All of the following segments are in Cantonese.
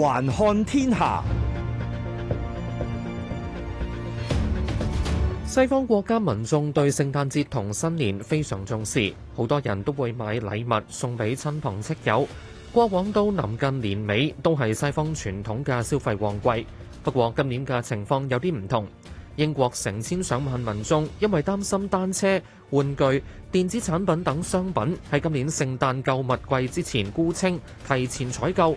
還看天下，西方國家民眾對聖誕節同新年非常重視，好多人都會買禮物送俾親朋戚友。過往到臨近年尾，都係西方傳統嘅消費旺季。不過今年嘅情況有啲唔同，英國成千上萬民眾因為擔心單車、玩具、電子產品等商品喺今年聖誕購物季之前沽清，提前採購。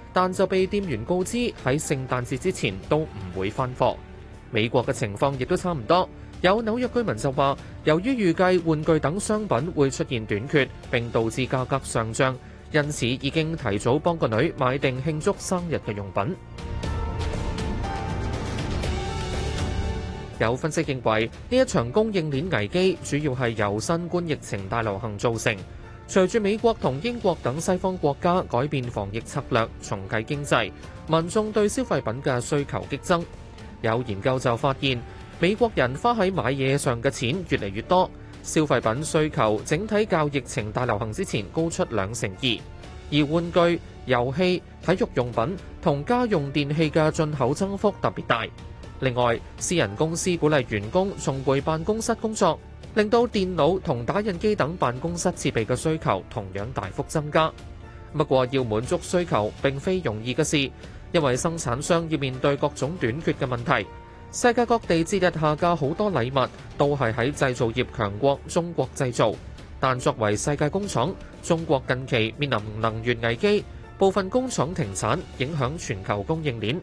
但就被店員告知喺聖誕節之前都唔會返貨。美國嘅情況亦都差唔多，有紐約居民就話，由於預計玩具等商品會出現短缺，並導致價格上漲，因此已經提早幫個女買定慶祝生日嘅用品。有分析認為，呢一場供應鏈危機主要係由新冠疫情大流行造成。隨住美國同英國等西方國家改變防疫策略，重啟經濟，民眾對消費品嘅需求激增。有研究就發現，美國人花喺買嘢上嘅錢越嚟越多，消費品需求整體較疫情大流行之前高出兩成二。而玩具、遊戲、體育用品同家用電器嘅進口增幅特別大。另外，私人公司鼓勵員工重回辦公室工作，令到電腦同打印機等辦公室設備嘅需求同樣大幅增加。不過要滿足需求並非容易嘅事，因為生產商要面對各種短缺嘅問題。世界各地節日下架好多禮物，都係喺製造業強國中國製造。但作為世界工廠，中國近期面臨能源危機，部分工廠停產，影響全球供應鏈。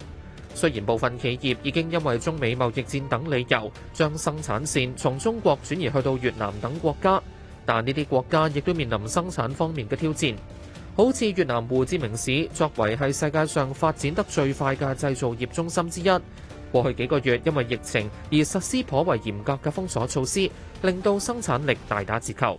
雖然部分企業已經因為中美貿易戰等理由將生產線從中國轉移去到越南等國家，但呢啲國家亦都面臨生產方面嘅挑戰。好似越南胡志明市，作為係世界上發展得最快嘅製造業中心之一，過去幾個月因為疫情而實施頗為嚴格嘅封鎖措施，令到生產力大打折扣。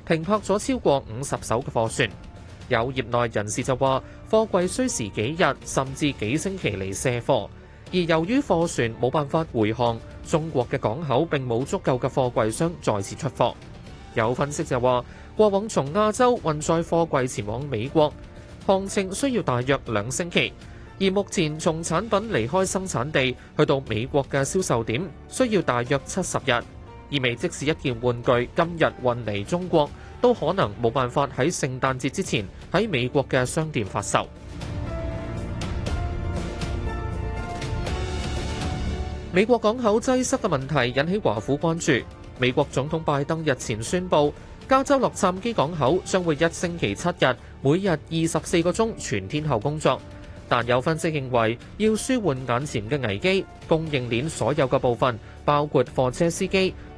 停泊咗超過五十艘嘅貨船，有業內人士就話貨櫃需時幾日甚至幾星期嚟卸貨，而由於貨船冇辦法回航，中國嘅港口並冇足夠嘅貨櫃箱再次出貨。有分析就話，過往從亞洲運載貨櫃前往美國航程需要大約兩星期，而目前從產品離開生產地去到美國嘅銷售點需要大約七十日。意味即使一件玩具今日運離中國都可能冇辦法喺聖誕節之前喺美國嘅商店發售。美國港口擠塞嘅問題引起華府關注。美國總統拜登日前宣布，加州洛杉磯港口將會一星期七日，每日二十四個鐘全天候工作。但有分析認為要舒緩眼前嘅危機，供應鏈所有嘅部分，包括貨車司機。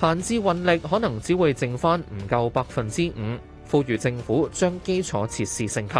閒置運力可能只會剩翻唔夠百分之五，呼籲政府將基礎設施升級。